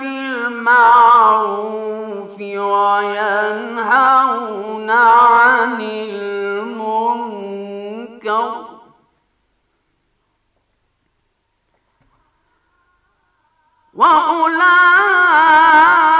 بالمعروف وينهون عن المنكر وأولئك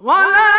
كفروا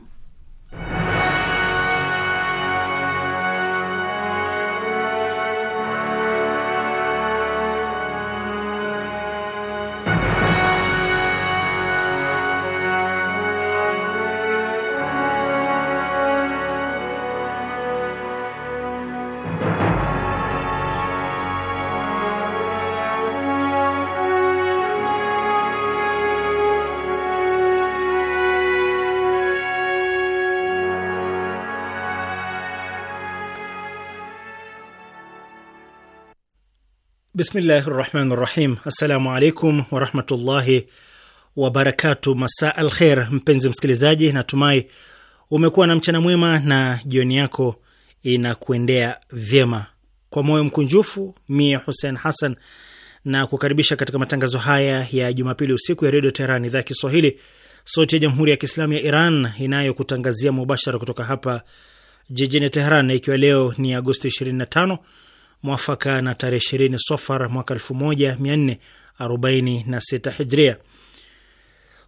Bismillahi rahmani rahim. Assalamu alaikum warahmatullahi wabarakatu. Masa al kher, mpenzi msikilizaji, natumai umekuwa na mchana mwema na jioni yako inakuendea vyema. Kwa moyo mkunjufu, mie Hussein Hassan na kukaribisha katika matangazo haya ya Jumapili usiku ya Redio Teheran, idhaa ya Kiswahili, sauti ya Jamhuri ya Kiislamu ya Iran inayokutangazia mubashara kutoka hapa jijini Teheran, ikiwa leo ni Agosti 25 mwafaka na tarehe ishirini Sofar mwaka sita Hijria.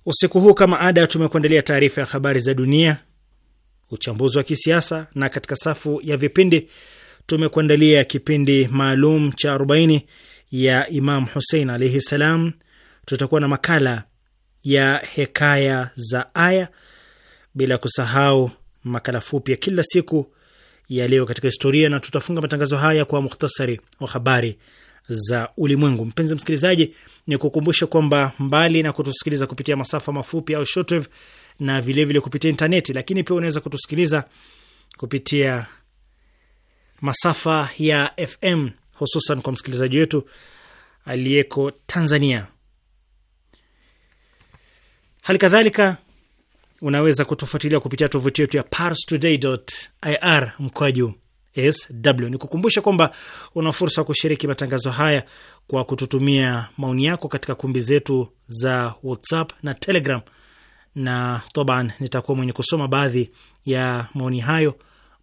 Usiku huu kama ada, tumekuandalia taarifa ya habari za dunia, uchambuzi wa kisiasa, na katika safu ya vipindi tumekuandalia kipindi maalum cha arobaini ya Imam Husein alaihi salam. Tutakuwa na makala ya hekaya za aya, bila kusahau makala fupi ya kila siku ya leo katika historia, na tutafunga matangazo haya kwa muhtasari wa habari za ulimwengu. Mpenzi msikilizaji, ni kukumbusha kwamba mbali na kutusikiliza kupitia masafa mafupi au shortwave na vilevile vile kupitia intaneti, lakini pia unaweza kutusikiliza kupitia masafa ya FM hususan kwa msikilizaji wetu aliyeko Tanzania. Hali kadhalika unaweza kutufuatilia kupitia tovuti yetu ya parstoday.ir mkwaju sw. Ni kukumbusha kwamba una fursa ya kushiriki matangazo haya kwa kututumia maoni yako katika kumbi zetu za WhatsApp na Telegram, na toban nitakuwa mwenye kusoma baadhi ya maoni hayo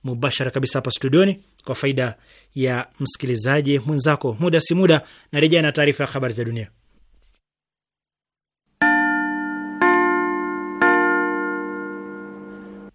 mubashara kabisa hapa studioni kwa faida ya msikilizaji mwenzako. Muda si muda narejea na taarifa ya habari za dunia.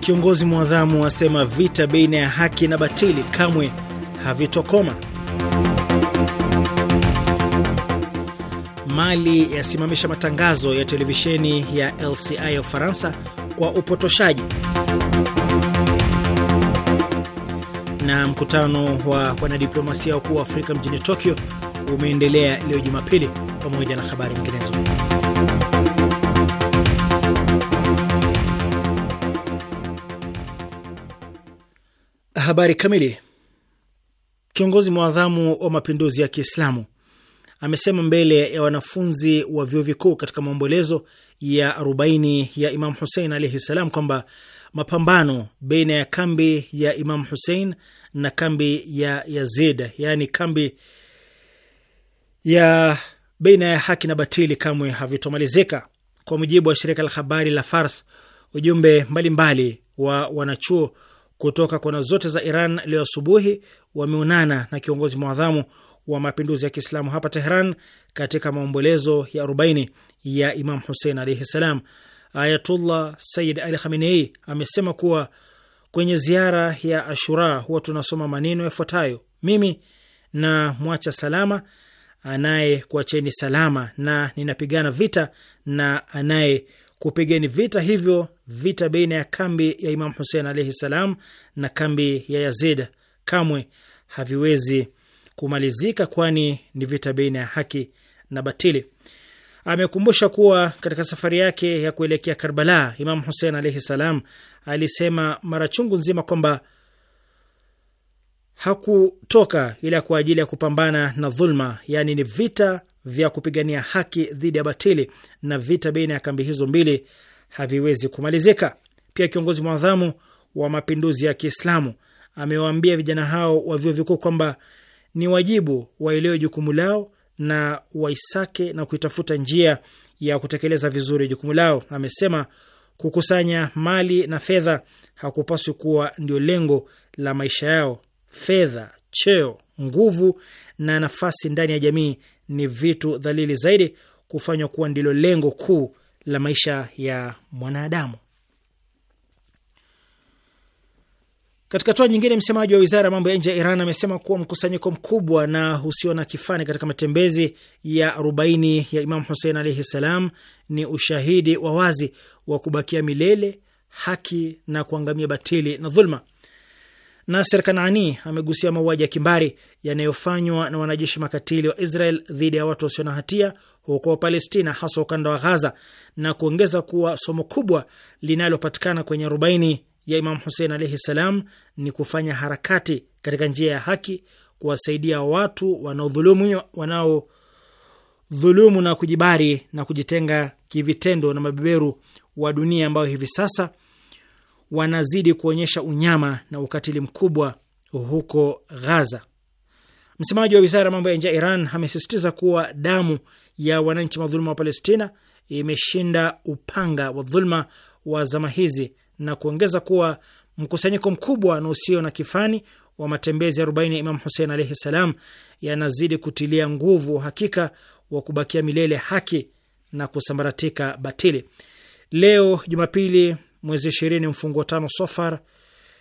Kiongozi mwadhamu asema vita baina ya haki na batili kamwe havitokoma. Mali yasimamisha matangazo ya televisheni ya LCI ya Ufaransa kwa upotoshaji. Na mkutano wa wanadiplomasia wakuu wa Afrika mjini Tokyo umeendelea leo Jumapili, pamoja na habari nyinginezo. habari kamili. Kiongozi mwadhamu wa mapinduzi ya Kiislamu amesema mbele ya wanafunzi wa vyuo vikuu katika maombolezo ya 40 ya Imam Husein alaihi ssalam kwamba mapambano baina ya kambi ya Imam Husein na kambi ya Yazid, yaani kambi ya baina ya haki na batili kamwe havitomalizika. Kwa mujibu wa shirika la habari la Fars, ujumbe mbalimbali mbali wa wanachuo kutoka kona zote za Iran leo asubuhi wameonana na kiongozi mwadhamu wa mapinduzi ya Kiislamu hapa Tehran katika maombolezo ya 40 ya Imam husein alaihi ssalam. Ayatullah Sayyid Ali Khamenei amesema kuwa kwenye ziara ya Ashura huwa tunasoma maneno yafuatayo: mimi na mwacha salama anaye kuacheni salama, na ninapigana vita na anaye kupigeni vita hivyo, vita baina ya kambi ya Imam Husein alaihi salam na kambi ya Yazid kamwe haviwezi kumalizika, kwani ni vita baina ya haki na batili. Amekumbusha kuwa katika safari yake ya kuelekea Karbala, Imam Husein alaihi salam alisema mara chungu nzima kwamba hakutoka ila kwa ajili ya kupambana na dhulma, yaani ni vita vya kupigania haki dhidi ya batili na vita baina ya kambi hizo mbili haviwezi kumalizika. Pia kiongozi mwadhamu wa mapinduzi ya Kiislamu amewaambia vijana hao wa vyuo vikuu kwamba ni wajibu waelewe jukumu lao na waisake na kuitafuta njia ya kutekeleza vizuri jukumu lao. Amesema kukusanya mali na fedha hakupaswi kuwa ndio lengo la maisha yao. Fedha, cheo, nguvu na nafasi ndani ya jamii ni vitu dhalili zaidi kufanywa kuwa ndilo lengo kuu la maisha ya mwanadamu. Katika hatua nyingine, msemaji wa wizara ya mambo ya nje ya Iran amesema kuwa mkusanyiko mkubwa na usio na kifani katika matembezi ya arobaini ya Imam Husein alaihi ssalam ni ushahidi wa wazi wa kubakia milele haki na kuangamia batili na dhulma. Naser Kanaani amegusia mauaji ya kimbari yanayofanywa na wanajeshi makatili wa Israel dhidi ya watu wasio na hatia huko Palestina, hasa ukanda wa Ghaza, na kuongeza kuwa somo kubwa linalopatikana kwenye arobaini ya Imam Husein alaihi salam ni kufanya harakati katika njia ya haki, kuwasaidia watu wanaodhulumu wanao dhulumu na kujibari na kujitenga kivitendo na mabeberu wa dunia ambayo hivi sasa wanazidi kuonyesha unyama na ukatili mkubwa huko Ghaza. Msemaji wa wizara ya mambo ya nje ya Iran amesisitiza kuwa damu ya wananchi madhuluma wa Palestina imeshinda upanga wa dhuluma wa zama hizi na kuongeza kuwa mkusanyiko mkubwa na usio na kifani wa matembezi 40 ya Imam Husein alaihi ssalam yanazidi kutilia nguvu uhakika wa kubakia milele haki na kusambaratika batili. Leo Jumapili mwezi ishirini mfungo tano Sofar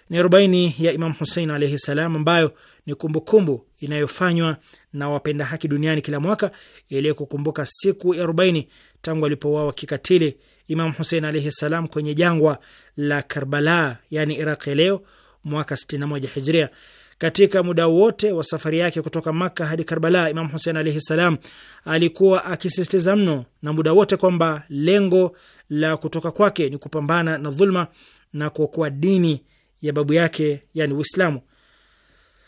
ni arobaini ya Imam Husein alaihi salam, ambayo ni kumbukumbu kumbu inayofanywa na wapenda haki duniani kila mwaka ili kukumbuka siku ya arobaini tangu alipouawa kikatili Imam Husein alaihi salam kwenye jangwa la Karbala, yani Iraq ya leo mwaka 61 Hijria. Katika muda wote wa safari yake kutoka Makka hadi Karbala, Imam Husein alaihi salam alikuwa akisisitiza mno na muda wote kwamba lengo la kutoka kwake ni kupambana na dhulma na kuokoa dini ya babu yake, yani Uislamu.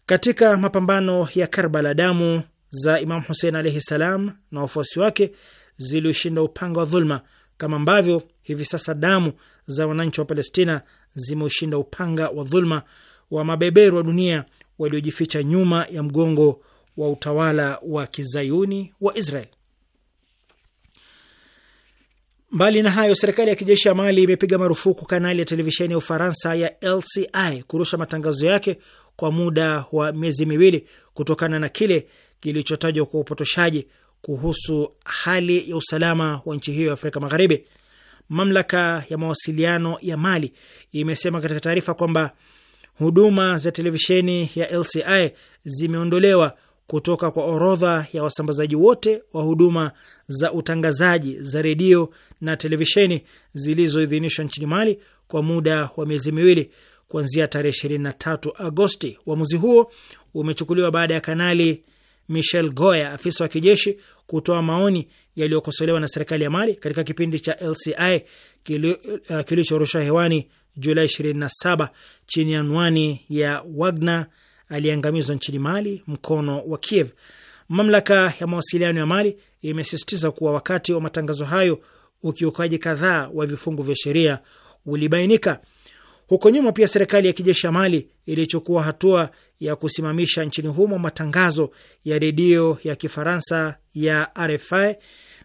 Katika mapambano ya Karbala, damu za Imam Husein alaihi salam na wafuasi wake ziliushinda upanga wa dhulma, kama ambavyo hivi sasa damu za wananchi wa Palestina zimeushinda upanga wa dhulma wa mabeberu wa dunia waliojificha nyuma ya mgongo wa utawala wa kizayuni wa Israel. Mbali na hayo, serikali ya kijeshi ya Mali imepiga marufuku kanali ya televisheni ya Ufaransa ya LCI kurusha matangazo yake kwa muda wa miezi miwili kutokana na kile kilichotajwa kwa upotoshaji kuhusu hali ya usalama wa nchi hiyo ya Afrika Magharibi. Mamlaka ya mawasiliano ya Mali imesema katika taarifa kwamba huduma za televisheni ya LCI zimeondolewa kutoka kwa orodha ya wasambazaji wote wa huduma za utangazaji za redio na televisheni zilizoidhinishwa nchini Mali kwa muda wa miezi miwili kuanzia tarehe 23 Agosti. Uamuzi huo umechukuliwa baada ya Kanali Michel Goya, afisa wa kijeshi, kutoa maoni yaliyokosolewa na serikali ya Mali katika kipindi cha LCI uh, kilichorushwa uh, hewani Julai 27 chini ya anwani ya Wagner aliyeangamizwa nchini Mali mkono wa Kiev. Mamlaka ya mawasiliano ya Mali imesisitiza kuwa wakati wa matangazo hayo ukiukaji kadhaa wa vifungu vya sheria ulibainika. Huko nyuma pia serikali ya kijeshi ya Mali ilichukua hatua ya kusimamisha nchini humo matangazo ya redio ya Kifaransa ya RFI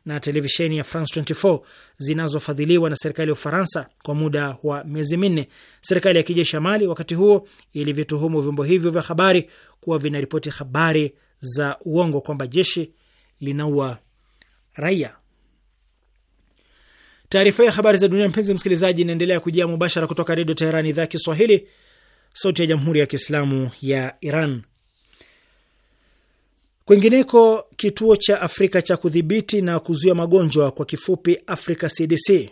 na televisheni ya France 24 zinazofadhiliwa na serikali ya Ufaransa kwa muda wa miezi minne. Serikali ya kijeshi ya Mali wakati huo ilivyotuhumu vyombo hivyo vya habari kuwa vinaripoti habari za uongo kwamba jeshi linaua raia. Taarifa ya habari za dunia, mpenzi msikilizaji, inaendelea kujia mubashara kutoka Redio Teherani, idhaa ya Kiswahili, sauti ya Jamhuri ya Kiislamu ya Iran. Kwingineko, kituo cha Afrika cha kudhibiti na kuzuia magonjwa kwa kifupi Africa CDC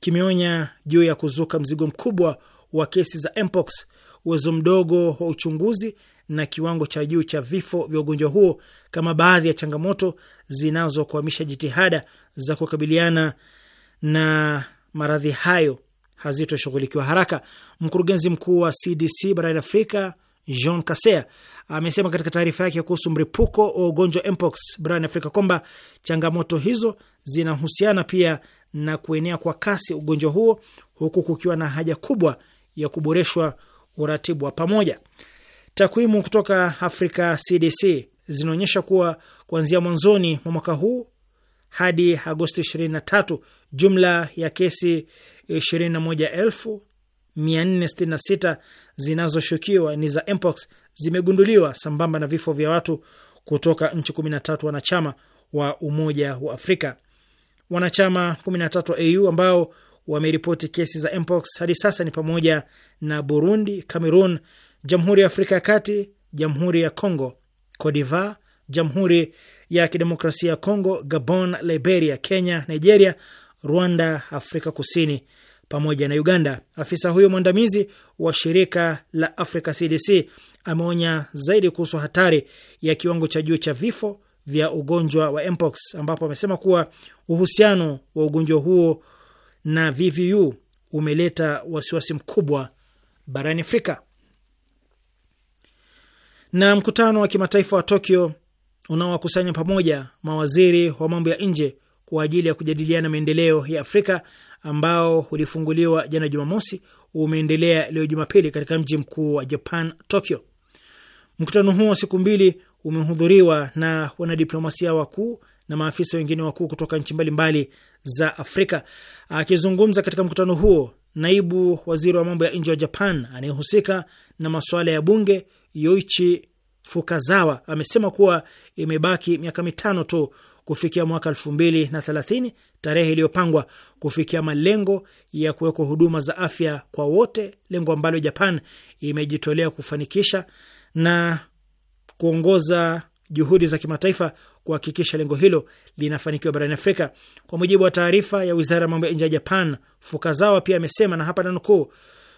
kimeonya juu ya kuzuka mzigo mkubwa wa kesi za mpox, uwezo mdogo wa uchunguzi na kiwango cha juu cha vifo vya ugonjwa huo kama baadhi ya changamoto zinazokwamisha jitihada za kukabiliana na maradhi hayo hazitoshughulikiwa haraka. Mkurugenzi mkuu wa CDC barani Afrika Jean Kaseya amesema katika taarifa yake kuhusu mripuko wa ugonjwa mpox barani Afrika kwamba changamoto hizo zinahusiana pia na kuenea kwa kasi ugonjwa huo huku kukiwa na haja kubwa ya kuboreshwa uratibu wa pamoja. Takwimu kutoka afrika CDC zinaonyesha kuwa kuanzia mwanzoni mwa mwaka huu hadi Agosti 23 jumla ya kesi 21466 zinazoshukiwa ni za mpox zimegunduliwa sambamba na vifo vya watu kutoka nchi 13 wanachama wa Umoja wa Afrika. Wanachama 13 wa AU ambao wameripoti kesi za mpox hadi sasa ni pamoja na Burundi, Cameroon, Jamhuri ya Afrika ya Kati, Jamhuri ya Congo, Cote d'Ivoire, Jamhuri ya Kidemokrasia ya Kongo, Gabon, Liberia, Kenya, Nigeria, Rwanda, Afrika Kusini pamoja na Uganda. Afisa huyo mwandamizi wa shirika la Africa CDC ameonya zaidi kuhusu hatari ya kiwango cha juu cha vifo vya ugonjwa wa mpox, ambapo amesema kuwa uhusiano wa ugonjwa huo na VVU umeleta wasiwasi mkubwa barani Afrika. Na mkutano wa kimataifa wa Tokyo unaowakusanya pamoja mawaziri wa mambo ya nje kwa ajili ya kujadiliana maendeleo ya Afrika ambao ulifunguliwa jana Jumamosi umeendelea leo Jumapili katika mji mkuu wa Japan, Tokyo. Mkutano huu wa siku mbili umehudhuriwa na wanadiplomasia wakuu na maafisa wengine wakuu kutoka nchi mbalimbali za Afrika. Akizungumza katika mkutano huo, naibu waziri wa mambo ya nje wa Japan anayehusika na masuala ya bunge Yoichi Fukazawa amesema kuwa imebaki miaka mitano tu kufikia mwaka elfu mbili na thelathini, tarehe iliyopangwa kufikia malengo ya kuwekwa huduma za afya kwa wote, lengo ambalo Japan imejitolea kufanikisha na kuongoza juhudi za kimataifa kuhakikisha lengo hilo linafanikiwa barani Afrika. Kwa mujibu wa taarifa ya wizara ya mambo ya nje ya Japan, Fukazawa pia amesema, na hapa nanukuu,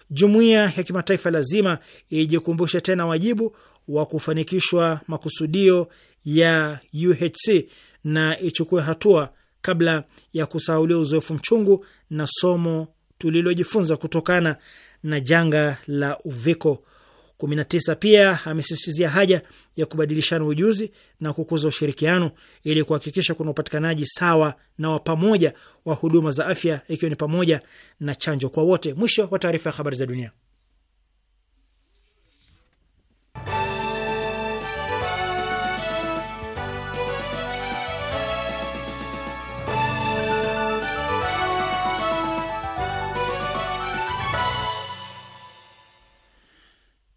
jumuiya ya kimataifa lazima ijikumbushe tena wajibu wa kufanikishwa makusudio ya UHC na ichukue hatua kabla ya kusahaulia uzoefu mchungu na somo tulilojifunza kutokana na janga la uviko 19. Pia amesisitizia haja ya kubadilishana ujuzi na kukuza ushirikiano ili kuhakikisha kuna upatikanaji sawa na wa pamoja wa huduma za afya ikiwa ni pamoja na chanjo kwa wote. Mwisho wa taarifa ya habari za dunia.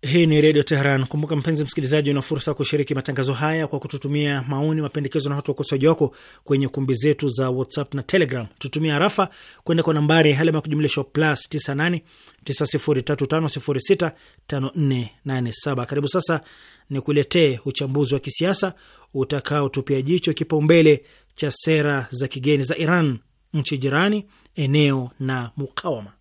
Hii ni Redio Teheran. Kumbuka mpenzi msikilizaji, una fursa ya kushiriki matangazo haya kwa kututumia maoni, mapendekezo na hata ukosoaji wako kwenye kumbi zetu za WhatsApp na Telegram. Tutumia harafa kwenda kwa nambari alama ya kujumlisha plus 98 Karibu sasa ni kuletee uchambuzi wa kisiasa utakaotupia jicho kipaumbele cha sera za kigeni za Iran, nchi jirani, eneo na mukawama.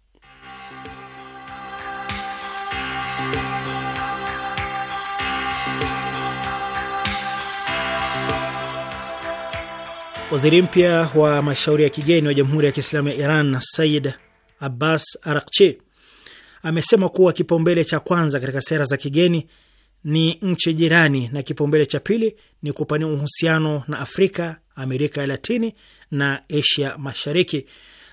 Waziri mpya wa mashauri ya kigeni wa Jamhuri ya Kiislamu ya Iran Said Abbas Arakchi amesema kuwa kipaumbele cha kwanza katika sera za kigeni ni nchi jirani na kipaumbele cha pili ni kupanua uhusiano na Afrika, Amerika ya Latini na Asia Mashariki.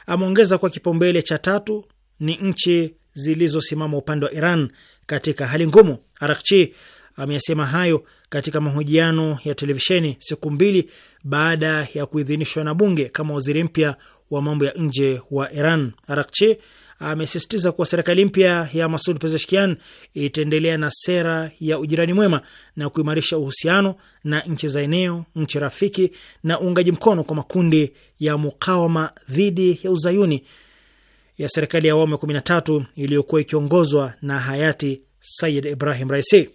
Ameongeza kuwa kipaumbele cha tatu ni nchi zilizosimama upande wa Iran katika hali ngumu. Arakchi ameyasema hayo katika mahojiano ya televisheni siku mbili baada ya kuidhinishwa na bunge kama waziri mpya wa mambo ya nje wa Iran. Arakchi amesisitiza kuwa serikali mpya ya Masud Pezeshkian itaendelea na sera ya ujirani mwema na kuimarisha uhusiano na nchi za eneo, nchi rafiki na uungaji mkono kwa makundi ya mukawama dhidi ya uzayuni ya serikali ya awamu ya 13 iliyokuwa ikiongozwa na hayati Sayid Ibrahim Raisi.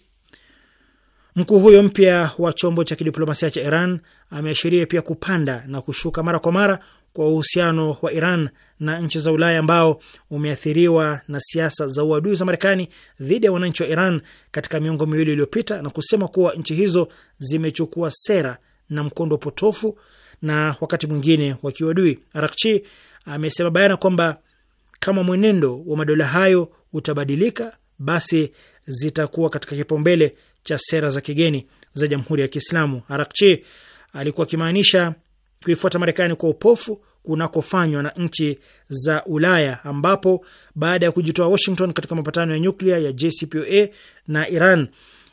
Mkuu huyo mpya wa chombo cha kidiplomasia cha Iran ameashiria pia kupanda na kushuka mara kwa mara kwa uhusiano wa Iran na nchi za Ulaya ambao umeathiriwa na siasa za uadui za Marekani dhidi ya wananchi wa Iran katika miongo miwili iliyopita, na kusema kuwa nchi hizo zimechukua sera na mkondo potofu na wakati mwingine wa kiuadui. Arakchi amesema bayana kwamba kama mwenendo wa madola hayo utabadilika, basi zitakuwa katika kipaumbele cha sera za kigeni za Jamhuri ya Kiislamu. Arakchi alikuwa akimaanisha kuifuata Marekani kwa upofu kunakofanywa na nchi za Ulaya, ambapo baada ya kujitoa Washington katika mapatano ya nyuklia ya JCPOA na Iran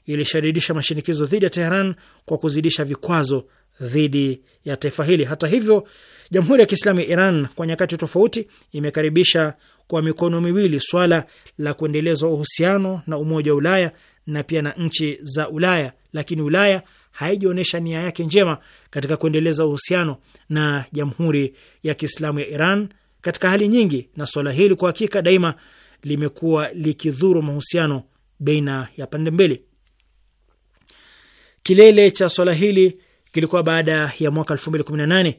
ilishadidisha mashinikizo dhidi ya Teheran kwa kuzidisha vikwazo dhidi ya taifa hili. Hata hivyo, Jamhuri ya Kiislamu ya Iran kwa nyakati tofauti imekaribisha kwa mikono miwili swala la kuendelezwa uhusiano na Umoja wa Ulaya na pia na nchi za Ulaya, lakini Ulaya haijaonyesha nia yake njema katika kuendeleza uhusiano na Jamhuri ya Kiislamu ya Iran katika hali nyingi, na suala hili kwa hakika daima limekuwa likidhuru mahusiano baina ya pande mbili. Kilele cha swala hili kilikuwa baada ya mwaka 2018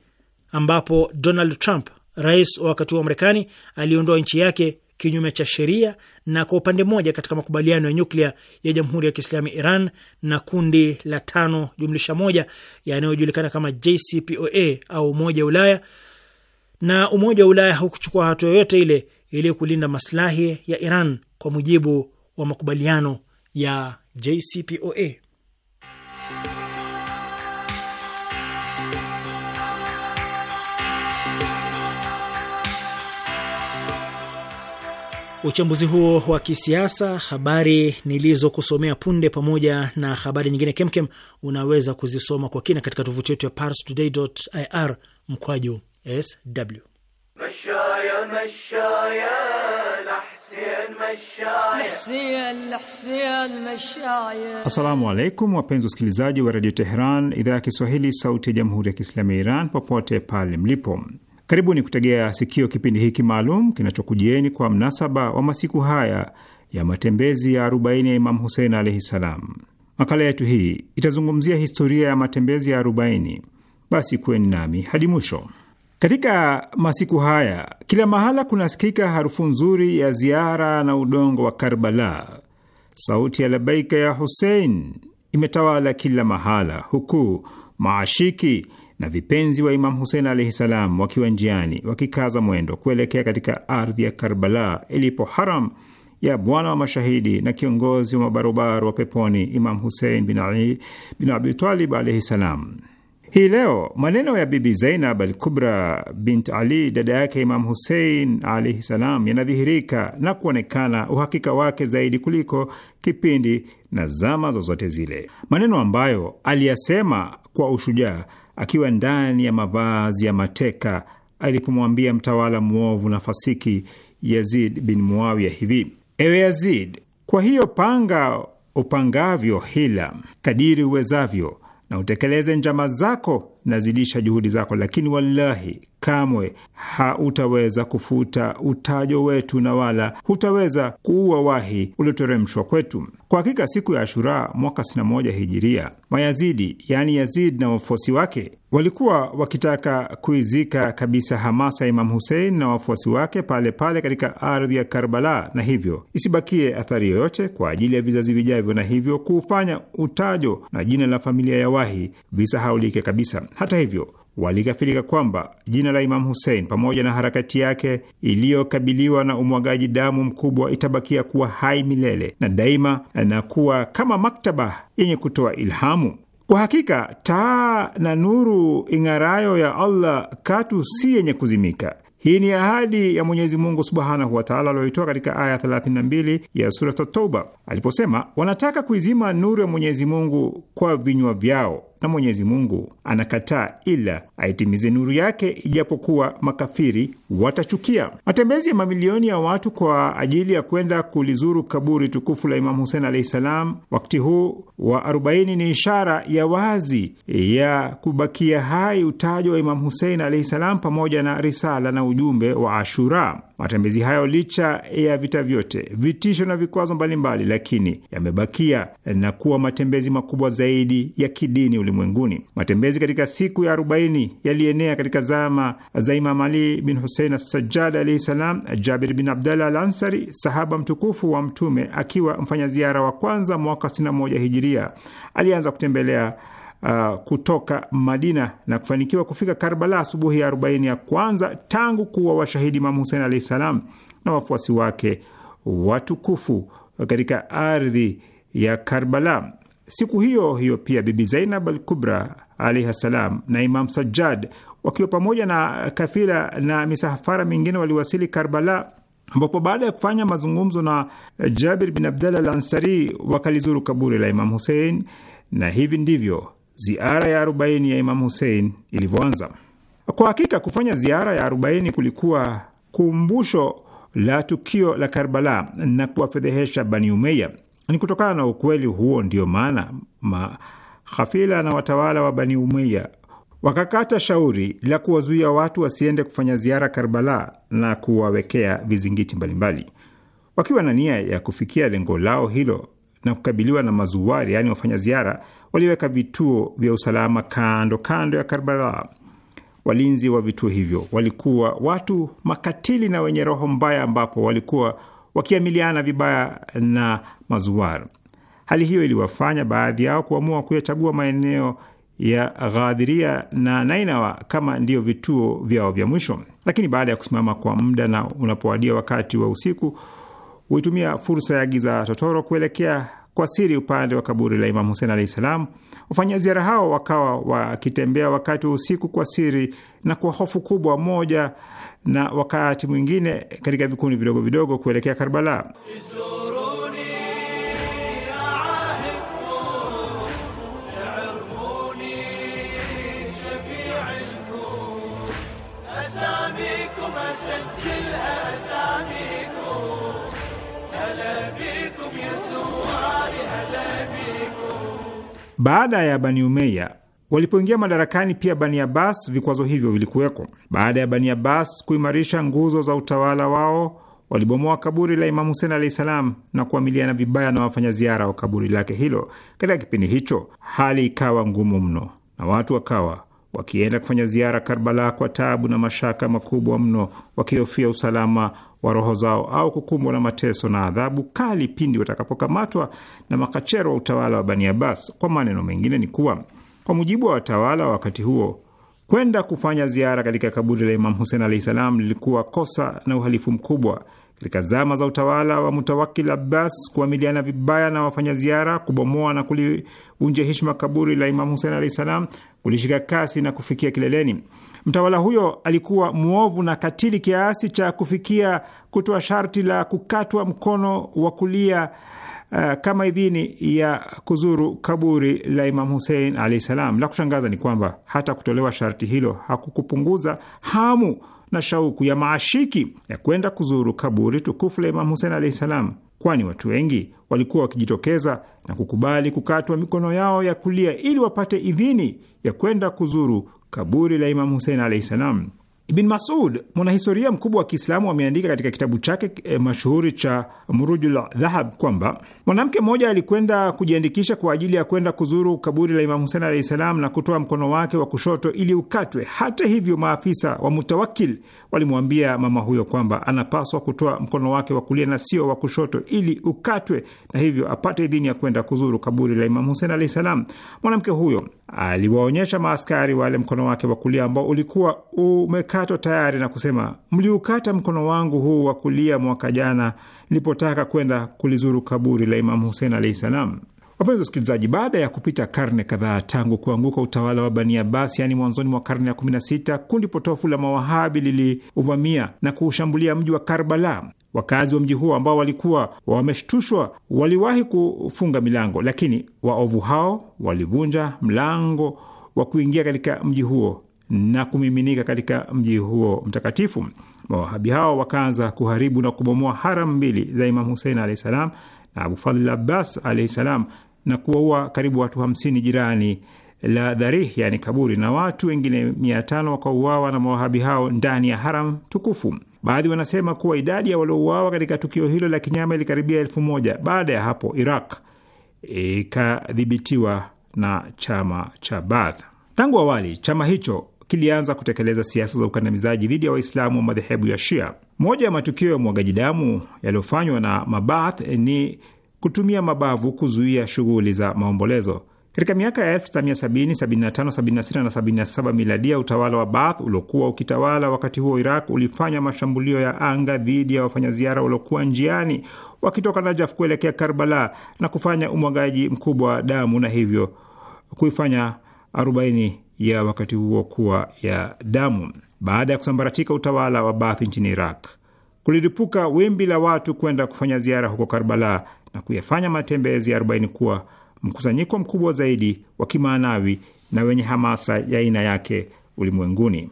ambapo Donald Trump, rais wa wakati wa Marekani, aliondoa nchi yake kinyume cha sheria na kwa upande mmoja katika makubaliano ya nyuklia ya Jamhuri ya Kiislamu Iran na kundi la tano jumlisha moja yanayojulikana kama JCPOA au Umoja wa Ulaya, na Umoja wa Ulaya haukuchukua hatua yoyote ile ili kulinda maslahi ya Iran kwa mujibu wa makubaliano ya JCPOA. Uchambuzi huo wa kisiasa, habari nilizokusomea punde, pamoja na habari nyingine kemkem, unaweza kuzisoma kwa kina katika tovuti yetu ya parstoday.ir mkwaju sw. Assalamu alaikum wapenzi wasikilizaji wa redio Teheran, idhaa ya Kiswahili, sauti ya jamhuri ya kiislamu ya Iran, popote pale mlipo. Karibuni kutegea sikio kipindi hiki maalum kinachokujieni kwa mnasaba wa masiku haya ya matembezi ya 40 ya Imam Husein alaihi salam. Makala yetu hii itazungumzia historia ya matembezi ya 40. Basi kuweni nami hadi mwisho. Katika masiku haya, kila mahala kunasikika harufu nzuri ya ziara na udongo wa Karbala. Sauti ya labaika ya Husein imetawala kila mahala, huku maashiki na vipenzi wa Imam Husein alaihi salam wakiwa njiani wakikaza mwendo kuelekea katika ardhi ya Karbala ilipo haram ya bwana wa mashahidi na kiongozi wa mabarobaro wa peponi Imam Husein bin Ali bin Abitalib alaihi salam. Hii leo maneno ya Bibi Zainab al Kubra bint Ali, dada yake Imam Husein alaihi salam, yanadhihirika na kuonekana uhakika wake zaidi kuliko kipindi na zama zozote zile. Maneno ambayo aliyasema kwa ushujaa akiwa ndani ya mavazi ya mateka alipomwambia mtawala mwovu na fasiki Yazid bin Muawiya hivi: ewe Yazid, kwa hiyo panga upangavyo hila kadiri uwezavyo na utekeleze njama zako nazidisha juhudi zako, lakini wallahi kamwe hautaweza kufuta utajo wetu na wala hutaweza kuua wahi ulioteremshwa kwetu. Kwa hakika siku ya Ashura mwaka 61 hijiria, Mayazidi yaani Yazid na wafuasi wake walikuwa wakitaka kuizika kabisa hamasa ya Imam Husein na wafuasi wake pale pale katika ardhi ya Karbala, na hivyo isibakie athari yoyote kwa ajili ya vizazi vijavyo, na hivyo kuufanya utajo na jina la familia ya Wahi visahaulike kabisa. Hata hivyo walikafirika kwamba jina la Imam Hussein pamoja na harakati yake iliyokabiliwa na umwagaji damu mkubwa itabakia kuwa hai milele na daima na kuwa kama maktaba yenye kutoa ilhamu. Kwa hakika taa na nuru ing'arayo ya Allah katu si yenye kuzimika. Hii ni ahadi ya Mwenyezi Mungu subhanahu wataala aliyoitoa katika aya 32 ya sura At-Tauba aliposema, wanataka kuizima nuru ya Mwenyezi Mungu kwa vinywa vyao na Mwenyezi Mungu, anakataa ila aitimize nuru yake, ijapokuwa makafiri watachukia. Matembezi ya mamilioni ya watu kwa ajili ya kwenda kulizuru kaburi tukufu la Imamu Husen alahi salam wakati huu wa arobaini ni ishara ya wazi ya kubakia hai utajwa wa Imamu Husein alahi salam pamoja na risala na ujumbe wa Ashura. Matembezi hayo licha ya vita vyote, vitisho na vikwazo mbalimbali, lakini yamebakia na kuwa matembezi makubwa zaidi ya kidini ulimwenguni. Matembezi katika siku ya arobaini yalienea katika zama za Imam Ali bin Husein Assajad alaihi salam, Jabir bin Abdallah al Ansari, sahaba mtukufu wa Mtume, akiwa mfanya ziara wa kwanza mwaka 61 hijiria, alianza kutembelea uh, kutoka Madina na kufanikiwa kufika Karbala asubuhi ya 40 ya kwanza tangu kuwa washahidi Imamu Husein alahi salam na wafuasi wake watukufu katika ardhi ya Karbala. Siku hiyo hiyo pia Bibi Zainab al Kubra alaihi salam na Imam Sajjad wakiwa pamoja na kafila na misafara mingine waliwasili Karbala, ambapo baada ya kufanya mazungumzo na Jabir bin Abdallah al Ansari wakalizuru kaburi la Imam Husein, na hivi ndivyo ziara ya arobaini ya Imamu Husein ilivyoanza. Kwa hakika kufanya ziara ya arobaini kulikuwa kumbusho la tukio la Karbala na kuwafedhehesha Bani Umeya. Ni kutokana na ukweli huo ndiyo maana mahafila na watawala wa Bani Umeya wakakata shauri la kuwazuia watu wasiende kufanya ziara Karbala na kuwawekea vizingiti mbalimbali. Wakiwa na nia ya kufikia lengo lao hilo, na kukabiliwa na mazuwari, yaani wafanya ziara, waliweka vituo vya usalama kando kando ya Karbala. Walinzi wa vituo hivyo walikuwa watu makatili na wenye roho mbaya, ambapo walikuwa wakiamiliana vibaya na mazuwar. Hali hiyo iliwafanya baadhi yao kuamua kuyachagua maeneo ya Ghadhiria na Nainawa kama ndiyo vituo vyao vya mwisho. Lakini baada ya kusimama kwa muda na unapowadia wakati wa usiku, huitumia fursa ya giza totoro kuelekea kwa siri upande wa kaburi la Imam Husen alahi salam. Wafanya ziara hao wakawa wakitembea wakati wa usiku kwa siri na kwa hofu kubwa moja, na wakati mwingine katika vikundi vidogo vidogo kuelekea Karbala. Baada ya Bani Umeya walipoingia madarakani pia Bani Abbas, vikwazo hivyo vilikuwekwa. Baada ya Bani Abbas kuimarisha nguzo za utawala wao, walibomoa kaburi la Imamu Husen alahi salam na kuamiliana vibaya na wafanyaziara wa kaburi lake hilo. Katika kipindi hicho, hali ikawa ngumu mno na watu wakawa wakienda kufanya ziara Karbala kwa taabu na mashaka makubwa mno, wakihofia usalama wa roho zao au kukumbwa na mateso na adhabu kali pindi watakapokamatwa na makachero wa utawala wa Bani Abbas. Kwa maneno mengine ni kuwa, kwa mujibu wa watawala wa wakati huo, kwenda kufanya ziara katika kaburi la Imam Husein alahi salam lilikuwa kosa na uhalifu mkubwa katika zama za utawala wa Mutawakil Abbas, kuamiliana vibaya na wafanya ziara, kubomoa na kulivunja heshima kaburi la Imam Husein alahi salam kulishika kasi na kufikia kileleni. Mtawala huyo alikuwa mwovu na katili kiasi cha kufikia kutoa sharti la kukatwa mkono wa kulia Uh, kama idhini ya kuzuru kaburi la Imam husein alahi salam. La kushangaza ni kwamba hata kutolewa sharti hilo hakukupunguza hamu na shauku ya maashiki ya kwenda kuzuru kaburi tukufu la Imam Husein alahi salam, kwani watu wengi walikuwa wakijitokeza na kukubali kukatwa mikono yao ya kulia ili wapate idhini ya kwenda kuzuru kaburi la Imam Husein alahi salam. Ibn Masud, mwanahistoria mkubwa wa Kiislamu, ameandika katika kitabu chake e, mashuhuri cha Murujul Dhahab kwamba mwanamke mmoja alikwenda kujiandikisha kwa ajili ya kwenda kuzuru kaburi la Imam Husein alahi salam na kutoa mkono wake wa kushoto ili ukatwe. Hata hivyo, maafisa wa Mutawakil walimwambia mama huyo kwamba anapaswa kutoa mkono wake wa kulia na sio wa kushoto ili ukatwe, na hivyo apate idhini ya kwenda kuzuru kaburi la Imam Husein alahi salam. Mwanamke huyo aliwaonyesha maaskari wale mkono wake wa kulia ambao ulikuwa umekatwa tayari na kusema, mliukata mkono wangu huu wa kulia mwaka jana nilipotaka kwenda kulizuru kaburi la Imamu Husein alahi salam. Wapenzi wasikilizaji, baada ya kupita karne kadhaa tangu kuanguka utawala wa Bani Abbas, yaani mwanzoni mwa karne ya 16, kundi potofu la Mawahabi liliuvamia na kuushambulia mji wa Karbala. Wakazi wa mji huo ambao walikuwa wameshtushwa waliwahi kufunga milango, lakini waovu hao walivunja mlango wa kuingia katika mji huo na kumiminika katika mji huo mtakatifu. Mawahabi hao wakaanza kuharibu na kubomoa haram mbili za Imam Husein alahi salam na Abufadhl Abbas alahi salam na kuwaua karibu watu hamsini jirani la Dharih, yani kaburi, na watu wengine mia tano wakauawa na mawahabi hao ndani ya haram tukufu. Baadhi wanasema kuwa idadi ya waliouawa katika tukio hilo la kinyama ilikaribia elfu moja. Baada ya hapo Iraq ikadhibitiwa e, na chama cha Baath. Tangu awali chama hicho kilianza kutekeleza siasa za ukandamizaji dhidi ya Waislamu wa madhehebu ya Shia. Moja ya matukio ya mwagaji damu yaliyofanywa na Mabath ni kutumia mabavu kuzuia shughuli za maombolezo. Katika miaka ya 1970, 75, 76 77 miladia, utawala wa Baath uliokuwa ukitawala wakati huo Iraq ulifanya mashambulio ya anga dhidi ya wafanyaziara waliokuwa njiani wakitoka Najaf kuelekea Karbala na kufanya umwagaji mkubwa wa damu na hivyo kuifanya 40 ya wakati huo kuwa ya damu. Baada ya kusambaratika utawala wa Baath nchini Iraq, kuliripuka wimbi la watu kwenda kufanya ziara huko Karbala na kuyafanya matembezi ya arobaini kuwa mkusanyiko mkubwa zaidi wa kimaanawi na wenye hamasa ya aina yake ulimwenguni.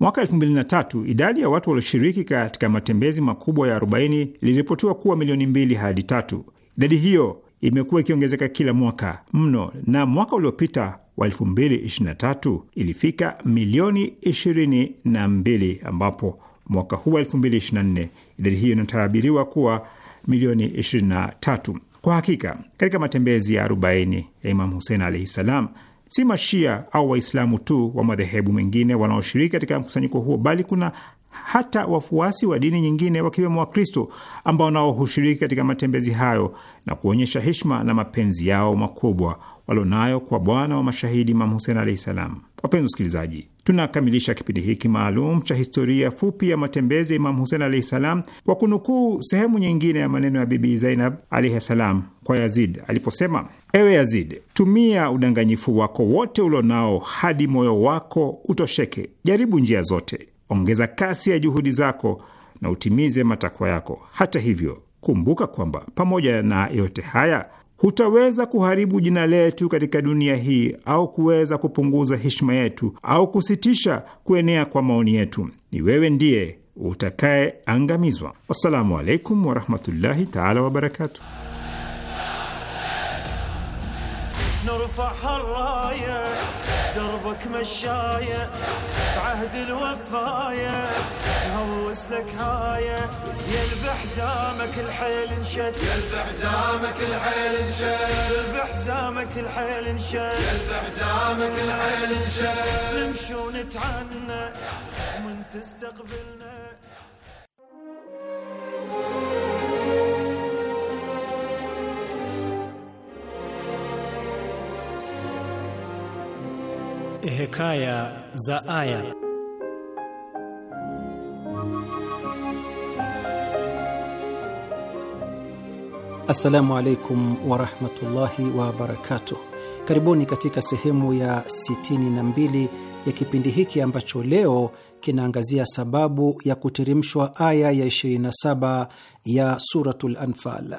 Mwaka 2003 idadi ya watu walioshiriki katika matembezi makubwa ya 40 iliripotiwa kuwa milioni mbili hadi tatu. Idadi hiyo imekuwa ikiongezeka kila mwaka mno, na mwaka uliopita wa 2023 ilifika milioni 22, ambapo mwaka huu wa 2024 idadi hiyo inatabiriwa kuwa milioni 23. Kwa hakika katika matembezi ya arobaini ya Imam Husein alaihi salam si mashia au Waislamu tu wa madhehebu mengine wanaoshiriki katika mkusanyiko huo, bali kuna hata wafuasi wa dini nyingine wakiwemo Wakristo ambao nao hushiriki katika matembezi hayo na kuonyesha heshima na mapenzi yao makubwa walionayo kwa bwana wa mashahidi Imam Husen alahi salam. Wapenzi wasikilizaji, tunakamilisha kipindi hiki maalum cha historia fupi ya matembezi ya Imam Husen alahi salam kwa kunukuu sehemu nyingine ya maneno ya Bibi Zainab alaihi salam kwa Yazid aliposema: ewe Yazid, tumia udanganyifu wako wote ulionao hadi moyo wako utosheke. Jaribu njia zote, ongeza kasi ya juhudi zako na utimize matakwa yako. Hata hivyo, kumbuka kwamba pamoja na yote haya hutaweza kuharibu jina letu katika dunia hii au kuweza kupunguza heshima yetu au kusitisha kuenea kwa maoni yetu. Ni wewe ndiye utakayeangamizwa. Wassalamu alaikum warahmatullahi taala wabarakatuh. نرفع حراية دربك مشاية بعهد الوفاية نهوس لك هاية يلب حزامك الحيل انشد يلب حزامك الحيل انشد يلب حزامك الحيل انشد يلب حزامك الحيل انشد نمشي ونتعنى ومن تستقبلنا Eh, Hekaya za Aya. Assalamu alaikum warahmatullahi wabarakatuh. Karibuni katika sehemu ya 62 ya kipindi hiki ambacho leo kinaangazia sababu ya kuteremshwa aya ya 27 ya Suratul Anfal.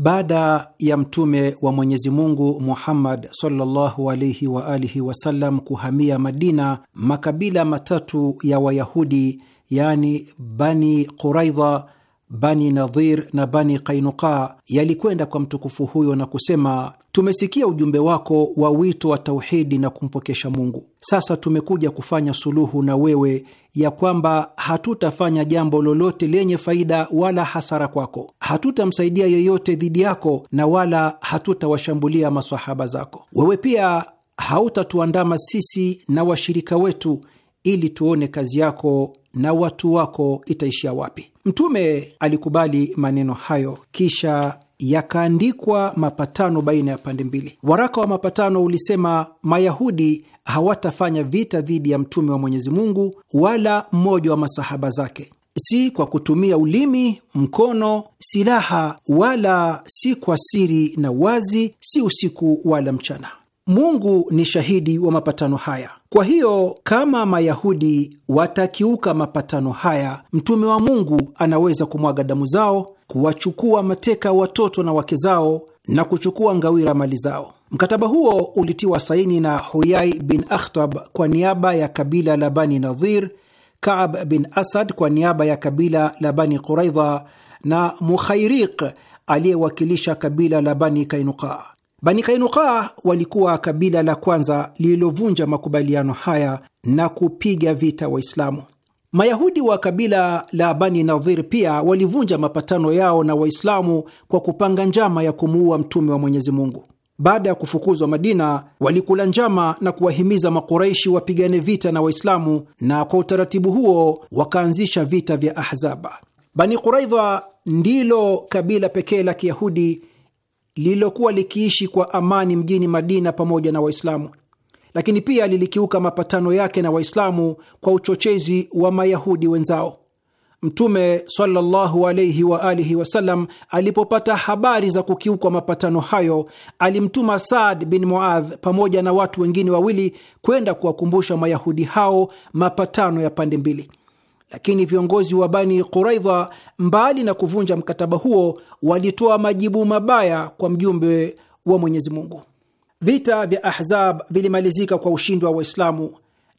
Baada ya mtume wa Mwenyezi Mungu Muhammad sallallahu alaihi wa alihi wasallam kuhamia Madina, makabila matatu ya Wayahudi yaani Bani Quraidha, Bani Nadhir na Bani Qainuqa yalikwenda kwa mtukufu huyo na kusema Tumesikia ujumbe wako wa wito wa tauhidi na kumpokesha Mungu. Sasa tumekuja kufanya suluhu na wewe ya kwamba hatutafanya jambo lolote lenye faida wala hasara kwako, hatutamsaidia yeyote dhidi yako na wala hatutawashambulia masahaba zako. Wewe pia hautatuandama sisi na washirika wetu ili tuone kazi yako na watu wako itaishia wapi. Mtume alikubali maneno hayo, kisha yakaandikwa mapatano baina ya pande mbili. Waraka wa mapatano ulisema Mayahudi hawatafanya vita dhidi ya mtume wa Mwenyezi Mungu wala mmoja wa masahaba zake, si kwa kutumia ulimi, mkono, silaha, wala si kwa siri na wazi, si usiku wala mchana. Mungu ni shahidi wa mapatano haya. Kwa hiyo kama Mayahudi watakiuka mapatano haya, mtume wa Mungu anaweza kumwaga damu zao, kuwachukua mateka watoto na wake zao na kuchukua ngawira mali zao. Mkataba huo ulitiwa saini na Huyai bin Akhtab kwa niaba ya kabila la Bani Nadhir, Kaab bin Asad kwa niaba ya kabila la Bani Quraidha na Mukhairiq aliyewakilisha kabila la Bani kainuqa Bani Kainuka walikuwa kabila la kwanza lililovunja makubaliano haya na kupiga vita Waislamu. Mayahudi wa kabila la Bani Nadhir pia walivunja mapatano yao na Waislamu kwa kupanga njama ya kumuua mtume wa Mwenyezi Mungu. Baada ya kufukuzwa Madina, walikula njama na kuwahimiza Makuraishi wapigane vita na Waislamu, na kwa utaratibu huo wakaanzisha vita vya Ahzaba. Bani Quraidha ndilo kabila pekee la Kiyahudi lililokuwa likiishi kwa amani mjini Madina pamoja na Waislamu, lakini pia lilikiuka mapatano yake na Waislamu kwa uchochezi wa Mayahudi wenzao. Mtume sallallahu alayhi wa alihi wasallam alipopata habari za kukiukwa mapatano hayo, alimtuma Saad bin Muadh pamoja na watu wengine wawili kwenda kuwakumbusha Mayahudi hao mapatano ya pande mbili lakini viongozi wa Bani Quraidha, mbali na kuvunja mkataba huo, walitoa majibu mabaya kwa mjumbe wa Mwenyezi Mungu. Vita vya Ahzab vilimalizika kwa ushindi wa Waislamu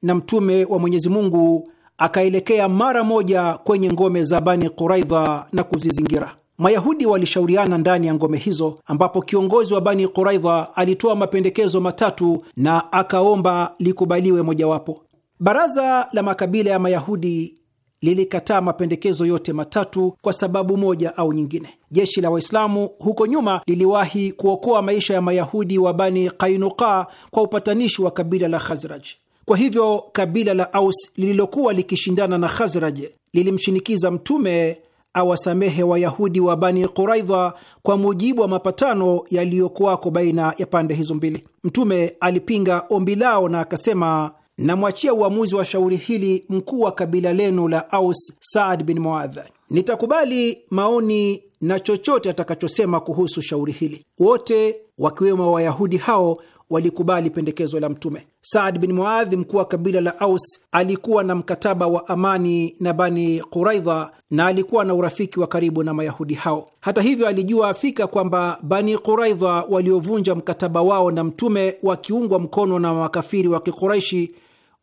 na mtume wa Mwenyezi Mungu akaelekea mara moja kwenye ngome za Bani Quraidha na kuzizingira. Mayahudi walishauriana ndani ya ngome hizo, ambapo kiongozi wa Bani Quraidha alitoa mapendekezo matatu na akaomba likubaliwe mojawapo. Baraza la makabila ya Mayahudi lilikataa mapendekezo yote matatu kwa sababu moja au nyingine. Jeshi la Waislamu huko nyuma liliwahi kuokoa maisha ya Mayahudi wa Bani Kainuka kwa upatanishi wa kabila la Khazraj. Kwa hivyo kabila la Aus lililokuwa likishindana na Khazraj lilimshinikiza Mtume awasamehe Wayahudi wa Bani Quraidha kwa mujibu wa mapatano yaliyokuwako baina ya pande hizo mbili. Mtume alipinga ombi lao na akasema namwachia uamuzi wa shauri hili mkuu wa kabila lenu la Aus, Saad bin Muadh. Nitakubali maoni na chochote atakachosema kuhusu shauri hili. Wote wakiwemo Wayahudi hao walikubali pendekezo la Mtume. Saad bin Muadhi, mkuu wa kabila la Aus, alikuwa na mkataba wa amani na Bani Quraidha na alikuwa na urafiki wa karibu na Mayahudi hao. Hata hivyo, alijua afika kwamba Bani Quraidha waliovunja mkataba wao na Mtume wakiungwa mkono na makafiri wa Kikuraishi